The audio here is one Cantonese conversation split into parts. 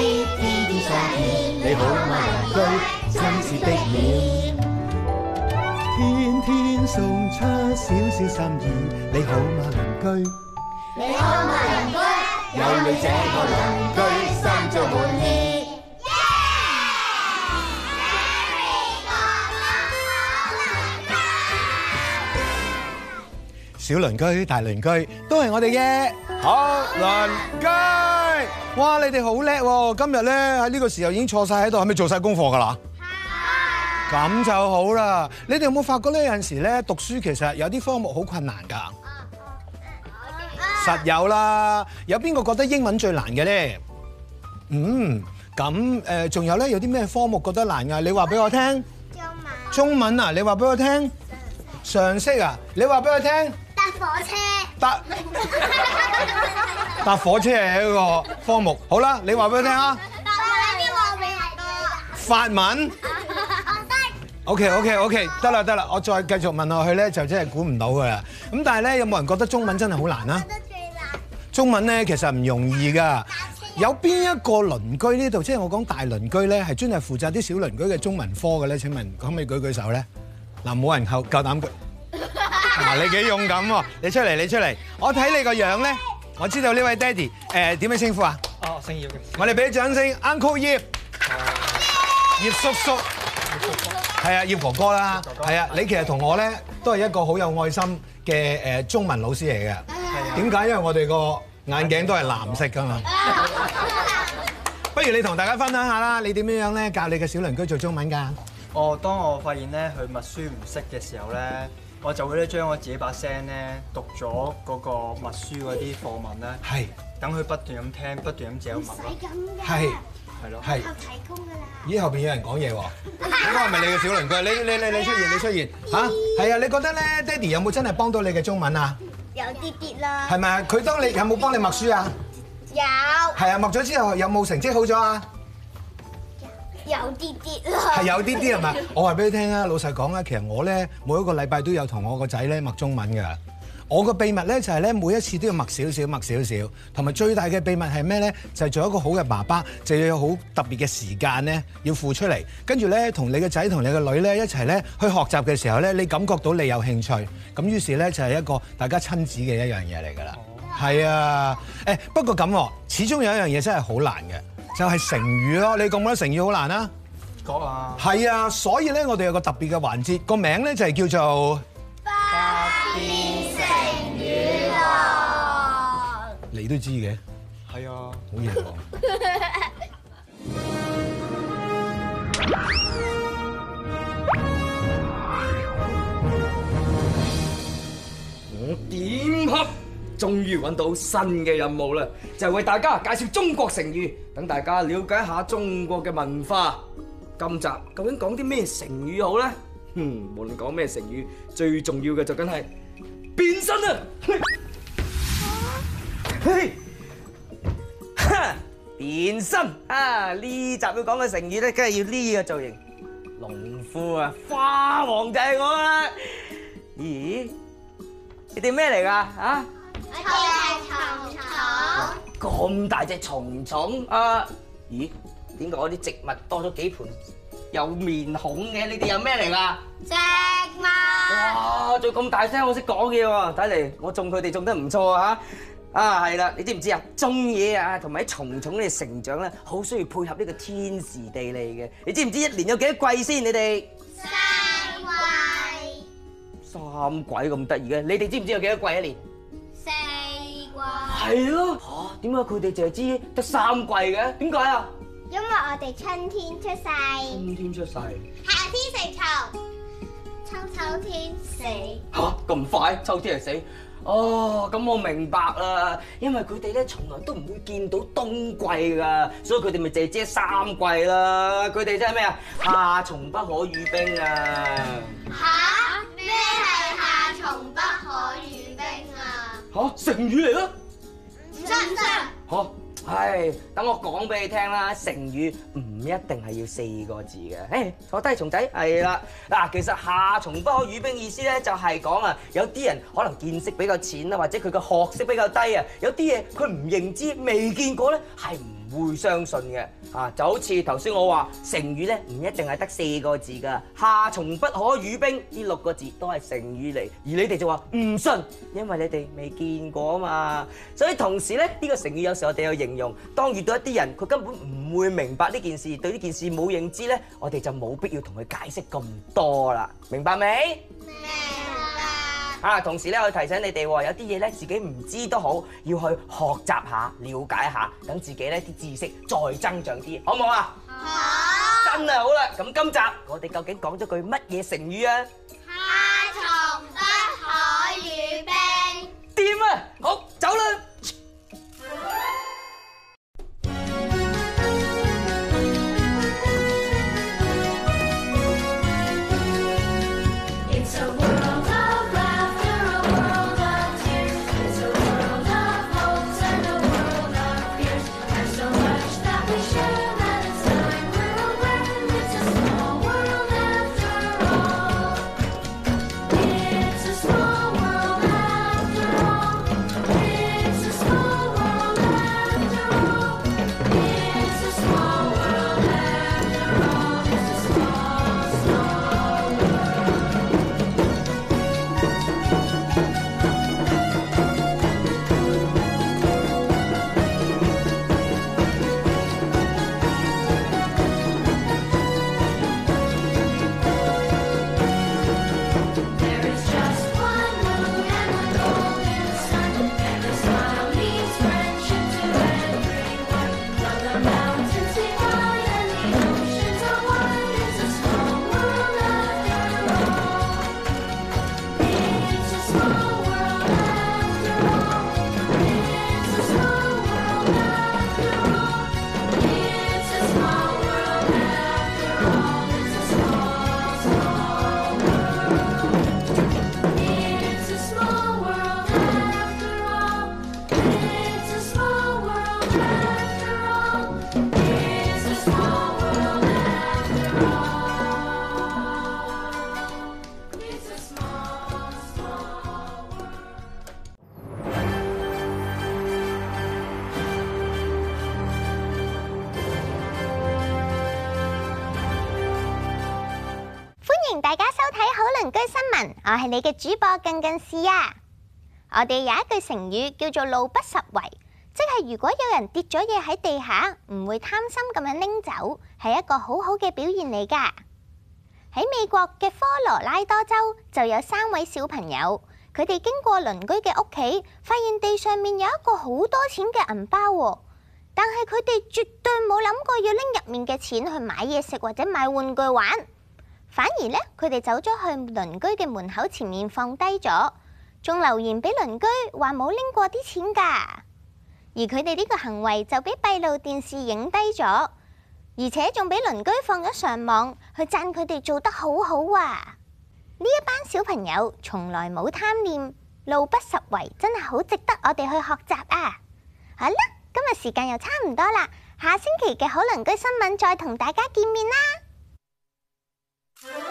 天天想你好嗎，鄰居。你居真是的了，天天送出小小心意。你好嗎，鄰居。你好嗎，鄰居。有你這個鄰居，心足滿意。小鄰居、大鄰居都係我哋嘅好鄰居。哇！你哋好叻喎！今日咧喺呢個時候已經坐晒喺度，係咪做晒功課㗎啦？咁、啊、就好啦。你哋有冇發覺呢？有陣時咧，讀書其實有啲科目好困難㗎。實、啊啊啊、有啦。有邊個覺得英文最難嘅咧？嗯。咁誒，仲有咧？有啲咩科目覺得難㗎？你話俾我聽。中文。中文啊！你話俾我聽。常識啊！你話俾我聽。火搭， 搭火車，搭搭火車係一個科目，好啦，你話俾我聽啊。搭你啲話俾人聽。法文。OK OK OK，得啦得啦，我再繼續問落去咧，就真係估唔到噶啦。咁但係咧，有冇人覺得中文真係好難啊？中文咧其實唔容易㗎。有邊一個鄰居呢度？即係我講大鄰居咧，係專係負責啲小鄰居嘅中文科嘅咧？請問可唔可以舉舉手咧？嗱，冇人夠夠膽嗱，你幾勇敢喎！你出嚟，你出嚟，我睇你個樣咧，我知道呢位爹哋誒點樣稱呼啊？哦，姓葉嘅。我哋俾掌聲 Uncle 葉，葉叔叔，係啊，葉哥哥啦，係啊。你其實同我咧，都係一個好有愛心嘅誒中文老師嚟嘅。係啊。點解？因為我哋個眼鏡都係藍色噶嘛。啊。不如你同大家分享下啦，你點樣樣咧教你嘅小鄰居做中文噶？哦，當我發現咧佢默書唔識嘅時候咧。我就會咧將我自己把聲咧讀咗嗰個默書嗰啲課文咧，係等佢不斷咁聽，不斷咁寫文。唔使咁㗎。係係咯。係。後提供㗎啦。咦？後邊有人講嘢喎，呢個係咪你嘅小鄰居？你你你你出現，你出現嚇。係啊，你覺得咧，爹哋有冇真係幫到你嘅中文啊？有啲啲啦。係咪啊？佢當你有冇幫你默書啊？有。係啊，默咗之後有冇成績好咗啊？有啲啲啦，係有啲啲係咪？ 我話俾你聽啊，老實講啊，其實我咧每一個禮拜都有同我個仔咧默中文㗎。我個秘密咧就係、是、咧每一次都要默少少，默少少。同埋最大嘅秘密係咩咧？就係、做一個好嘅爸爸，就要有好特別嘅時間咧，要付出嚟。跟住咧，同你個仔同你個女咧一齊咧去學習嘅時候咧，你感覺到你有興趣。咁於是咧就係、是、一個大家親子嘅一樣嘢嚟㗎啦。係、嗯、啊，誒、欸、不過咁、啊，始終有一樣嘢真係好難嘅。又係成語咯，你覺唔覺得成語好難啊？講啊！係啊，所以咧，我哋有個特別嘅環節，個名咧就係叫做百變成語郎。你都知嘅，係啊，好嘢啊！我點黑？終於揾到新嘅任務啦，就係為大家介紹中國成語，等大家瞭解下中國嘅文化。今集究竟講啲咩成語好咧？嗯，無論講咩成語，最重要嘅就梗係變身啊！變身啊！呢集要講嘅成語咧，梗係要呢個造型。農夫啊，花王就係我啦！咦？你哋咩嚟噶？啊？我種係蟲蟲，咁大隻蟲蟲啊？咦？點解我啲植物多咗幾盆有面孔嘅？你哋有咩嚟噶？隻貓哇！仲咁大聲，我識講嘢喎！睇嚟我種佢哋種得唔錯啊？啊係啦，你知唔知啊？種嘢啊，同埋啲蟲蟲咧成長咧，好需要配合呢個天時地利嘅。你知唔知一年有幾多季先？你哋三季，三季咁得意嘅？你哋知唔知有幾多季一年？係咯，吓，點解佢哋淨係知得三季嘅？點解啊？因為我哋春天出世，春天出世，夏天成球，秋秋天死。吓，咁快，秋天就死。哦，咁我明白啦。因為佢哋咧從來都唔會見到冬季噶，所以佢哋咪淨知三季啦。佢哋真係咩啊？夏蟲不可語冰啊！吓，咩係夏蟲不可語冰啊？嚇、啊，成語嚟咯，唔得唔得嚇，唉，等我講俾你聽啦，成語唔一定係要四個字嘅，唉，坐低蟲仔，係啦，嗱，其實夏蟲不可語冰意思咧，就係講啊，有啲人可能見識比較淺啦，或者佢嘅學識比較低啊，有啲嘢佢唔認知，未見過咧，係唔會相信嘅啊，就好似頭先我話成語咧，唔一定係得四個字噶。夏蟲不可語冰，呢六個字都係成語嚟，而你哋就話唔信，因為你哋未見過啊嘛。所以同時咧，呢個成語有時我哋有形容，當遇到一啲人，佢根本唔會明白呢件事，對呢件事冇認知咧，我哋就冇必要同佢解釋咁多啦，明白未？嗯啊！同時咧，我提醒你哋喎，有啲嘢咧自己唔知都好，要去學習下、了解下，等自己咧啲知識再增長啲，好唔好啊？好！真係好啦！咁今集我哋究竟講咗句乜嘢成語啊？大家收睇好鄰居新聞，我係你嘅主播近近視啊！我哋有一句成語叫做路不拾遺，即係如果有人跌咗嘢喺地下，唔會貪心咁樣拎走，係一個好好嘅表現嚟噶。喺美國嘅科羅拉多州就有三位小朋友，佢哋經過鄰居嘅屋企，發現地上面有一個好多錢嘅銀包，但係佢哋絕對冇諗過要拎入面嘅錢去買嘢食或者買玩具玩。反而呢，佢哋走咗去鄰居嘅門口前面放低咗，仲留言俾鄰居話冇拎過啲錢㗎。而佢哋呢個行為就俾閉路電視影低咗，而且仲俾鄰居放咗上網去讚佢哋做得好好啊！呢一班小朋友從來冇貪念，路不拾遺，真係好值得我哋去學習啊！好啦，今日時間又差唔多啦，下星期嘅好鄰居新聞再同大家見面啦。啊，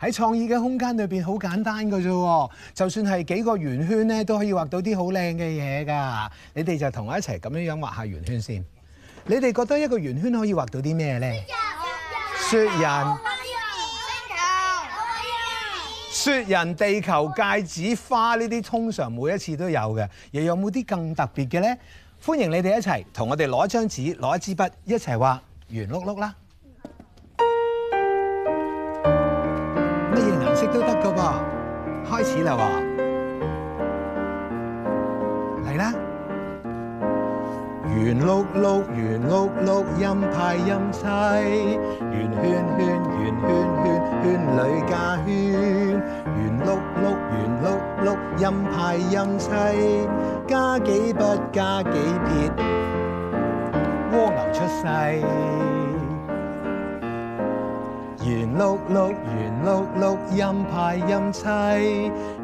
喺創意嘅空間裏邊，好簡單噶啫。就算係幾個圓圈咧，都可以畫到啲好靚嘅嘢噶。你哋就同我一齊咁樣樣畫下圓圈先。你哋覺得一個圓圈可以畫到啲咩呢？雪人、雪人、地球、戒指、花呢啲，通常每一次都有嘅。又有冇啲更特別嘅呢？歡迎你哋一齊同我哋攞張紙、攞支筆一齊畫圓碌碌啦。就話嚟啦，圓碌碌，圓碌碌，陰派陰砌，圓圈圈，圓圈圈，圈裏加圈，圓碌碌，圓碌碌，陰派陰砌，加幾筆，加幾筆，加幾撇，蝸牛出世。圓碌碌，圓碌碌，音派音砌，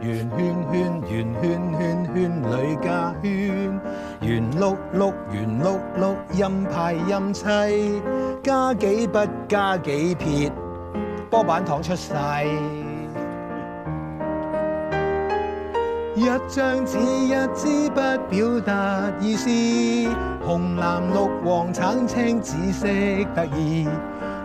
圓圈圓圓圓圓圓圈，圓圈圈，圈裏加圈，圓碌碌，圓碌碌，音派音砌，加幾筆，加幾撇，波板糖出世，一張紙，一支筆，表達意思，紅藍綠黃橙青紫色得意。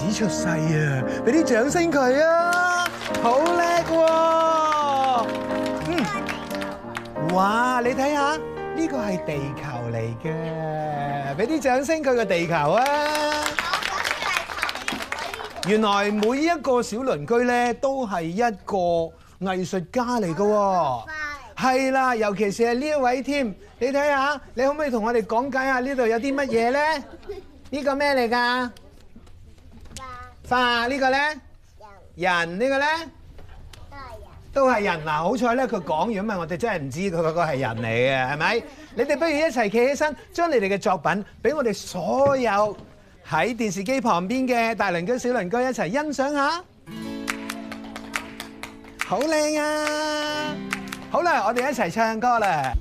指出世啊！俾啲掌聲佢啊，好叻喎！嗯，哇！你睇下呢個係地球嚟嘅，俾啲掌聲佢個地球啊！原來每一個小鄰居咧都係一個藝術家嚟噶。係啦，尤其是係呢一位添。你睇下，你可唔可以同我哋講解下呢度有啲乜嘢咧？呢個咩嚟噶？花、啊這個、呢個咧，人呢個咧，都係人，人這個、都係人嗱。人啊、好彩咧，佢講完咪，我哋真係唔知佢嗰個係人嚟嘅，係咪？ 你哋不如一齊企起身，將你哋嘅作品俾我哋所有喺電視機旁邊嘅大鄰居小鄰居一齊欣賞下，好靚 啊！好啦，我哋一齊唱歌啦，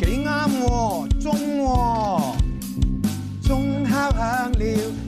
幾啱喎，鐘喎，鐘敲響了。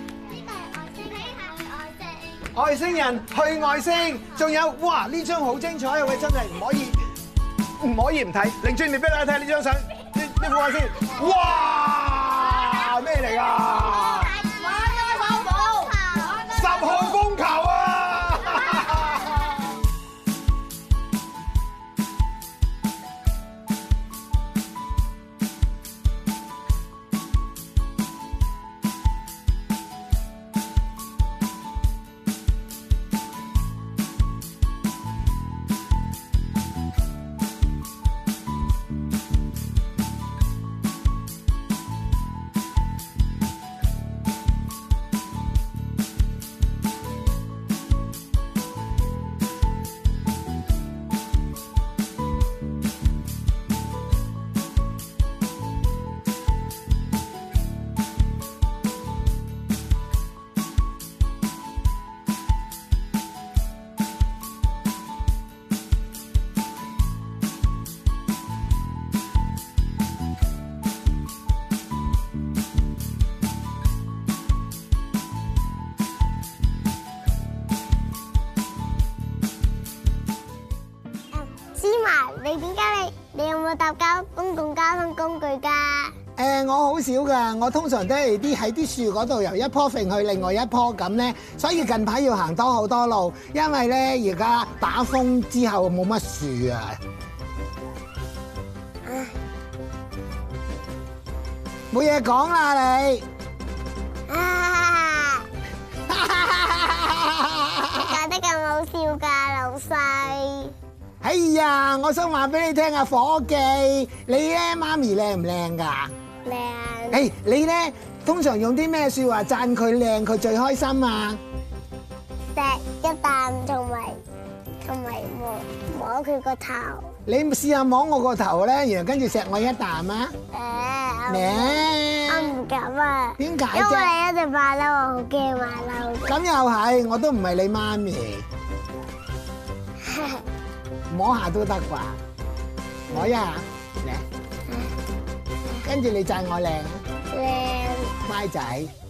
外星人去外星還，仲有哇！呢張好精彩啊，位真係唔可以唔可以唔睇，擰轉面俾大家睇呢張相，你你望下先，哇，咩嚟㗎？交公共交通工具噶？誒，我好少噶，我通常都係啲喺啲樹嗰度由一棵揈去另外一棵咁咧，所以近排要行多好多路，因為咧而家打風之後冇乜樹啊，冇嘢講啦你，哈哈哈！搞得咁好笑噶老細。哎呀，我想話俾你聽啊，伙計，你咧媽咪靚唔靚噶？靚亮。誒、哎，你咧通常用啲咩說話讚佢靚，佢最開心啊？錫一啖，同埋同埋摸摸佢個頭。你試下摸我個頭咧，然後跟住錫我一啖啊？誒。咩？我唔敢、欸、敢，敢啊。點解？因為你一直扮得我好驚訝啦。咁又係，我都唔係你媽咪。 摸一下都得啩，摸一下嚟，跟住你讚我靚，靚、嗯、乖仔。